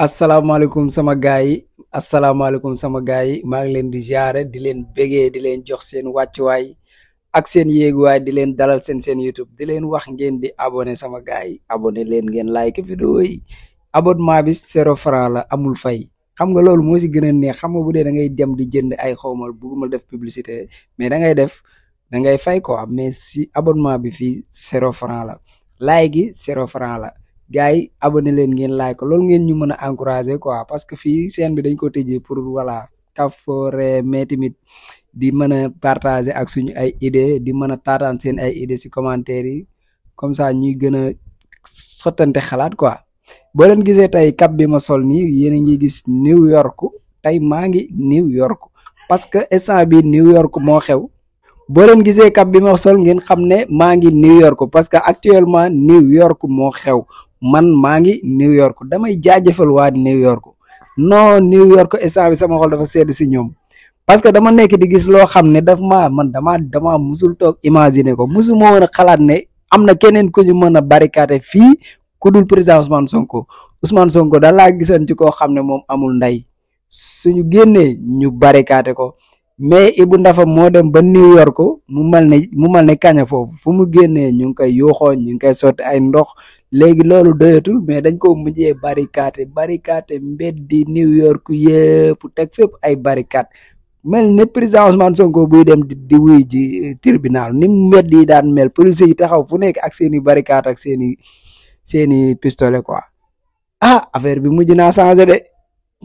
asalaamaaleykum sama gaay yi asalaamaaleykum sama gaay yi maa ngi leen di jaare di leen bégee di leen jox seen wàccuwaay ak seen yéeguwaay di leen dalal seen seen YouTube di leen wax ngeen di abonné sama gaay yi abonné leen ngeen like vidéo yi abonnement bi zéro franc la amul fay xam nga loolu moo si gën a neex xam nga bu dee da ngay dem di jënd ay xawmal bugguma def publicité mais da ngay def da ngay fay ko mais si abonnement bi fii zéro franc la like gi zéro franc la gars yi abonné leen ngeen like ko loolu ngeen ñu mën a encourager quoi parce que fii chaîne bi dañ ko tëjee pour voilà fo mais tamit di mën a partager ak suñu ay idée di mën a taataan seen ay idée ci commentaire yi comme ça ñuy gën a sottante xalaat quoi boo leen gisee tey cap bi ma sol nii yéen a ngi gis New York tey maa ngi New York parce que instant bi New York moo xew boo leen gisee cap bi ma sol ngeen xam ne maa ngi New York parce que actuellement New York moo xew man maa ngi New York damay jaajëfal waa New York non New York instant bi sama xol dafa sedd si ñoom parce que dama nekk di gis loo xam ne daf maa man dama dama musul toog imaginer ko musuma woon a xalaat ne am na keneen ku ñu mën a barricade fii ku dul président Ousmane Sonko Ousmane Sonko da laa gisan ci koo xam ne moom amul ndey suñu génnee ñu barricade ko mais bu Ndafa moo dem ba New York mu mel ne mu mel ne kaña foofu fu mu génnee ñu ngi koy yuuxoo ñu ngi koy sotti ay ndox léegi loolu doyatul mais dañ ko mujjee barricade barricade mbeddi New York yëpp teg fépp ay barricade mel ne président Sonko buy dem di di wuy ji eh, tribunal ni mbedd yi daan mel police yi taxaw fu nekk ak seen i barricade ak seen i seen i ah affaire bi mujj naa changé de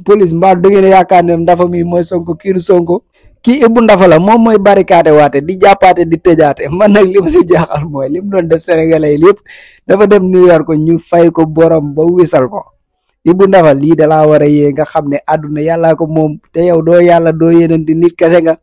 police mbaa da ngeen yaakaar ne Ndafa mi mooy Sonko kiiru Sonko kii Ibou Ndafa la moom mooy barricade waate di jàppaate di tëjaate man nag li ma si jaaxal mooy li mu doon def sénégalais yi lépp dafa dem New York ñu fay ko borom ba wisal ko Ibou Ndafa lii dalaa war a yee nga xam ne àdduna yàllaa ko moom te yow doo yàlla doo yeneen di nit kese nga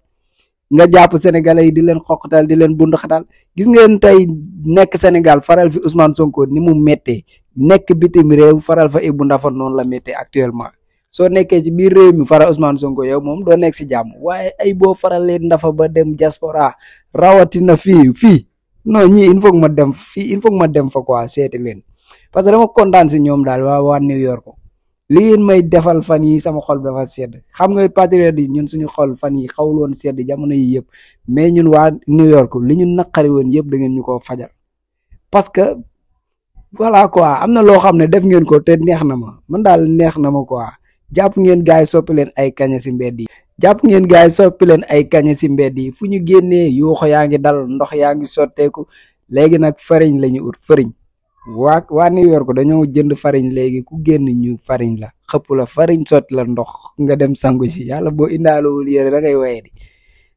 nga jàpp sénégalais yi di leen xoqatal di leen bundaxatal gis nga tey nekk Sénégal faral fi Ousmane Sonko ni mu méttee nekk bitim réew faral fa Ibou Ndafa noonu la méttee actuellement soo nekkee ci biir réew mi fara Ousmane Sonko yow moom doo nekk si jàmm waaye ay boo faralee ndafa ba dem diaspora rawatina fii fii non ñii il faut ma dem fii il faut ma dem fa quoi seeti leen parce que dama kontaan si ñoom daal waa waa New York li ngeen may defal fan yi sama xol dafa sedd xam nga patriote yi ñun suñu xol fan yi xawloon sedd jamono yi yëpp mais ñun waa New York li ñu naqari woon yëpp da ngeen ñu ko fajal parce que voilà quoi am na loo xam ne def ngeen ko te neex na ma man daal neex na ma quoi japp ngeen gaay soppi len ay kagne ci mbeddi japp ngeen gaay soppi len ay kagne ci mbeddi fuñu genné yu génnee yaangi dal ndox yaangi ngi legi nak nag fariñ la ñu ut fariñ waa waa New York dañoo jënd fariñ léegi ku genn ñu fariñ la xepu la fariñ sot la ndox nga dem sangu ci bo indalo wul yere da ngay wayé di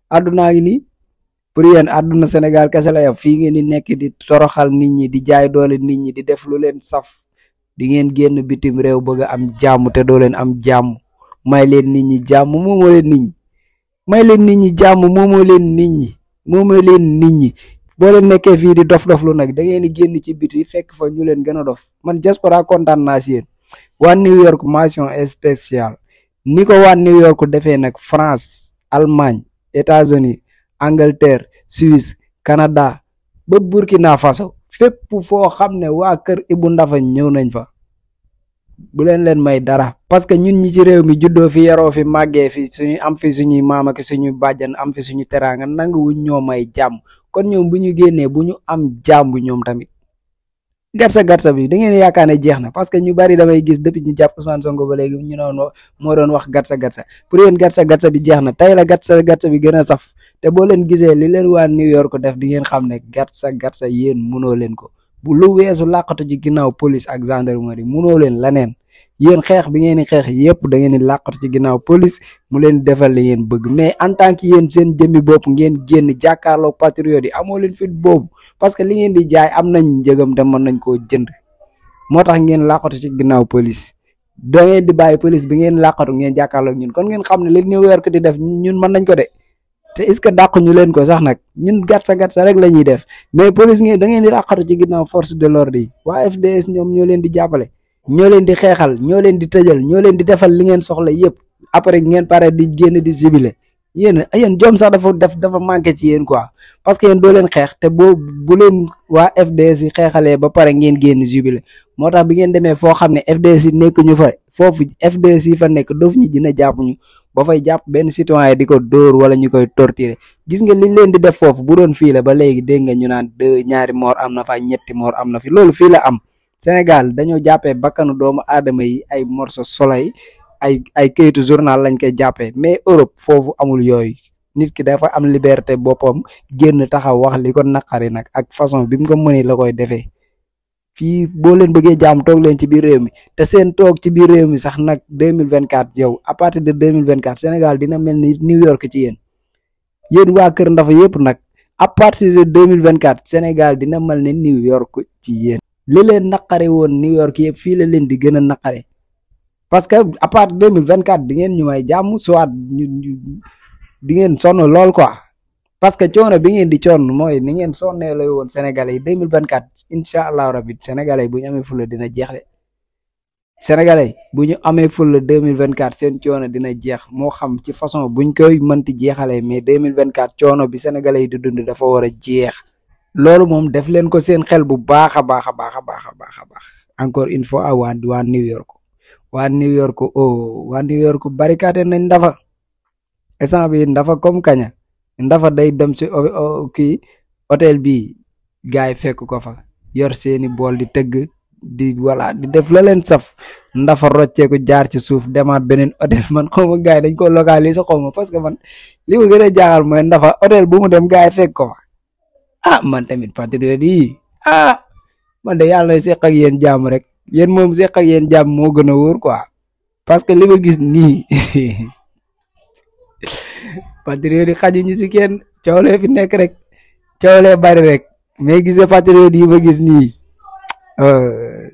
aduna ngi ni priyen aduna senegal kessa la fi ngeen di nekk di toroxal nit ñi di jaay doole nit ñi di def lu leen saf di ngeen génn bitim réew bëgg a am jàmm te doo leen am jàmm may leen nit ñi jàmm moomoo ni nit ñi may leen nit ñi jàmm moomoo leen nit ñi moomoo leen nit ñi boo leen nekkee fii di dof dof lu nag da ngeen di génn ci biti fekk fa ñu leen gën a dof man diaspora kontaan naa si yéen waa New York mention spéciale ni ko waa New York defee nag France Allemagne États-Unis Angleterre Suisse Canada ba Burkina Faso fépp foo xam ne waa kër Ibou Ndafañ ñëw nañ fa bu leen leen may dara parce que ñun ñi ci réew mi juddoo fi yaroo fi màggee fi suñu am fi suñuy maam ak suñuy bàjjan am fi suñu teraanga nanguwuñ ñoo may jàmm kon ñoom bu ñu génnee bu ñu am jàmm ñoom tamit garsa garsa bi da ngeen yaakaar ne jeex na parce que ñu bari damay gis depuis ñu jàpp Ousmane Sonko ba léegi ñu doon moo doon wax garsa garsa pour yéen garsa garsa bi jeex na tey la garsa garsa bi gën a saf te boo leen gisee li leen waa New York def di ngeen xam ne garsa garsa yéen munoo leen ko bu lu weesu làqatu ci ginnaaw police ak gendarmerie munoo leen laneen yeen xex bi ngeen xex xeex yépp da ngeen di ci ginnaaw police mu leen defal li ngeen bëgg mais en tant que yeen seen jëmmi bop ngeen genn jakarlo patriote amo leen fit bop parce que li ngeen di jaay am nañ njëgam te mën nañ ko jënd motax ngeen làqatu ci ginnaaw police da ngeen di baye police bi ngeen làqatu ngeen jakarlo ñun kon ngeen xam li ñu wër ko di def ñun mën nañ ko dé té est ce que ñu leen ko sax nak ñun gatsa gatsa rek lañuy def mais police ngeen da ngeen di làqatu ci ginnaaw force de l'ordre wa FDS ñom ñoo leen di jappalé ñoo leen di xeexal ñoo leen di tajal ñoo leen di defal li ngeen soxla yëpp après ngeen pare di génn di sibile yéen yéen jom sax dafa def dafa manqué ci yéen quoi parce que yéen doo leen xeex te boo bu leen waa FDS yi xeexalee ba pare ngeen génn jubile moo tax bi ngeen demee foo xam ne FDS yi nekk ñu fa foofu FDS yi fa nekk doof ñi dina jàpp ñu ba fay jàpp benn citoyen di ko dóor wala ñu koy torturer gis nga liñ leen di def foofu bu doon fii la ba léegi dégg nga ñu naan ñaari moor am na fa ñetti moor am na fi loolu fii la am Sénégal dañoo jàppee bakkanu doomu aadama yi ay morso soleil ay ay kayitu journal lañ koy jàppee mais Europe foofu amul yooyu nit ki dafa am liberté boppam génn taxaw wax li ko naqari nag ak façon bi mu ko mënee la koy defee fii boo leen bëggee jaam toog leen ci biir réew mi te seen toog ci biir réew mi sax nag deux mille vingt quatre yow à partir de deux mille vingt quatre Sénégal dina mel ni New York ci yéen yéen waa Kër Ndafa yëpp nag à partir de deux mille vingt quatre Sénégal dina mel ni New York ci yéen. li leen naqare woon New York yëpp fii la leen di gën a naqare parce que à part deux mille vingt quatre di ngeen ñu may jàmm soit ñu di ngeen sonn lool quoi parce que coono bi ngeen di coon mooy ni ngeen sonnee lay woon Sénégalais yi deux mille vingt quatre incha allah rabi Sénégalais bu ñu amee fulla dina jeex de Sénégalais bu ñu amee fulla deux mille vingt quatre seen coono dina jeex moo xam ci façon buñ koy mënti jeexalee mais deux mille vingt quatre coono bi Sénégalais yi di dund dafa war a jeex. loolu moom def leen ko seen xel bu baax a baax a baax a baax a baax a baax encore une fois waa waa New York waa New York oh waa New bari barricade nañ ndafa instant bi ndafa comme kaña ndafa day dem ci kii hôtel bi gars yi fekk ko fa yor seeni bool di tëgg di voilà di def la leen saf ndafa rocceeku jaar ci suuf demaat beneen hôtel man xaw ma yi dañ ko localiser xaw ma parce que man li ma gën a jaaxal mooy ndafa hôtel bu mu dem gars yi fekk ko fa ah man tamit patriote yi ah man de yàlla seq ak yéen jàmm rek yéen moom seq ak yéen jàmm moo gën a wóor quoi parce que li ma gis nii patriote yi xajuñu si kenn coolee fi nekk rek coolee bari rek mais gisee patriote yi ma gis nii euh,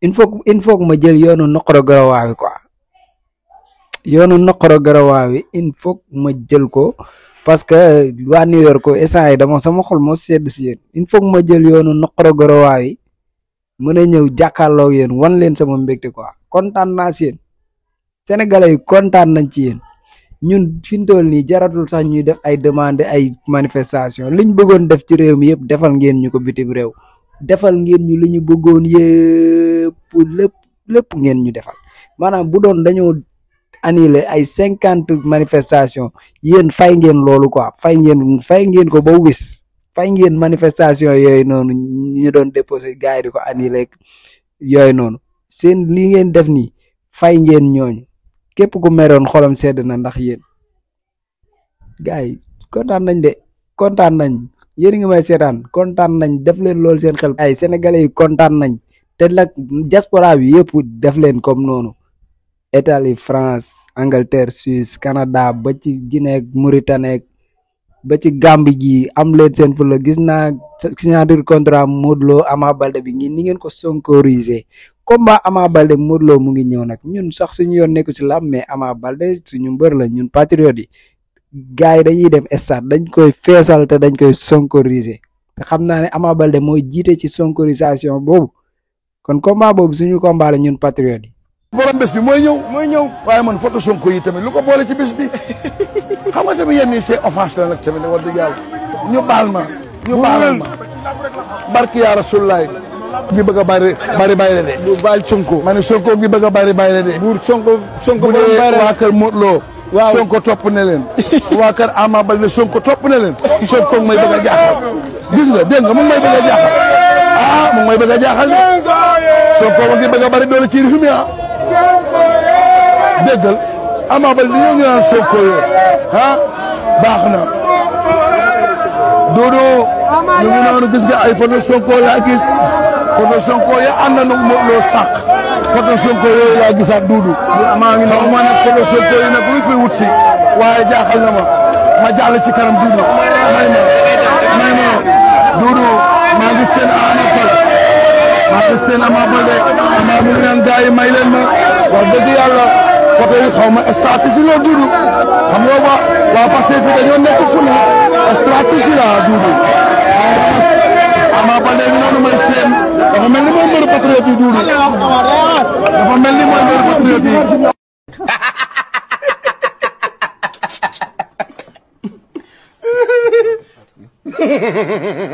il faut il faut ma jël yoonu noqoro garawaa wi quoi yoonu noqoro garawaa wi il faut ma jël ko. parce que waa New York instant yi dama sama xol moo sedd si yéen il faut ma jël yoonu noqoro goro yi mën a ñëw jàkkaarloo yéen wan leen sama mbégte quoi kontaan naa si yéen yi kontaan nañ ci yéen ñun fi ñu toll nii jaratul sax ñuy def ay demande ay manifestation liñ bëggoon def ci réew mi yëpp defal ngeen ñu ko bitim réew defal ngeen ñu li ñu bëggoon yëpp lépp lépp ngeen ñu defal maanaam bu doon dañoo annulé ay cinquante manifestation yéen fay ngeen loolu quoi fay ngeen fay ngeen ko ba wis fay ngeen manifestation yooyu noonu ñu doon déposé gars yi di ko annulé yooyu noonu seen li ngeen def nii fay ngeen ñooñu képp ku meroon xolam sedd na ndax yéen gars yi kontaan nañ de kontaan nañ yéen ngi may seetaan kontaan nañ def leen loolu seen xel ay sénégalais yi kontaan nañ te nag diaspora bi yëpp def leen comme noonu Italie France Angleterre Suisse Canada ba ci Guinée ak Mauritanie ba ci Gambie gi am leen seen gis naa signature contrat Modou Lo Ama Baldé bi ngi ni ngeen ko sonkorisé combat Ama Baldé Modou mu ngi ñëw nag ñun sax suñu yoon nekku si làmb mais Ama Baldé suñu mbër la ñun patriote yi gars yi dañuy dem stade dañ koy feesal te dañ koy sonkorisé te xam naa ne Ama Baldé mooy jiite ci sonkorisation boobu kon combat boobu suñu combat la ñun patriote yi borom bés bi mooy ñëw mooy ñëw waaye man photo Sonko yi tamit lu ko boole ci bés bi xam nga tamit yenn yi c'est offense la nag tamit ne wax dëgg yàlla ñu baal ma ñu ma barki yaa rasulaay ngi bëgg a bari bari la de bu Sonko ma ne Sonko ngi a bari bàyyi la de buur Sonko Sonko bu dee waa kër Modou Lo waaw Sonko topp ne leen waa kër Ama Sonko topp ne leen Sonko may bëgg jaaxal gis nga dégg nga mu may bëgg a ah, a jaaxal de Sonko ma ngi bëgg bari doole ci réew mi déggal Ama Baldé dañoo ñu naan Sokone baax na. Dodo ñu ngi noonu gis nga ay photo Sonko laa gis photo Sonko ya ànd na loo sax photo Sonko yooyu laa gisaat Dodo. maa ngi noonu ma nag photo Sonko yi si waaye jaaxal na ma ma jàll ci kanam Dodo may ma may maa ngi seen Ama Baldé maa ngi seen Ama Baldé maa ngi naan gars yi may leen ma wax dëgg photo yi xaw ma la duudu xam nga waa waa Pastef fi dañoo nekk fu ne stratégie la duudu Ama Baldé ñu noonu may seen dafa mel ni mooy mbër patriote yi duudu dafa mel ni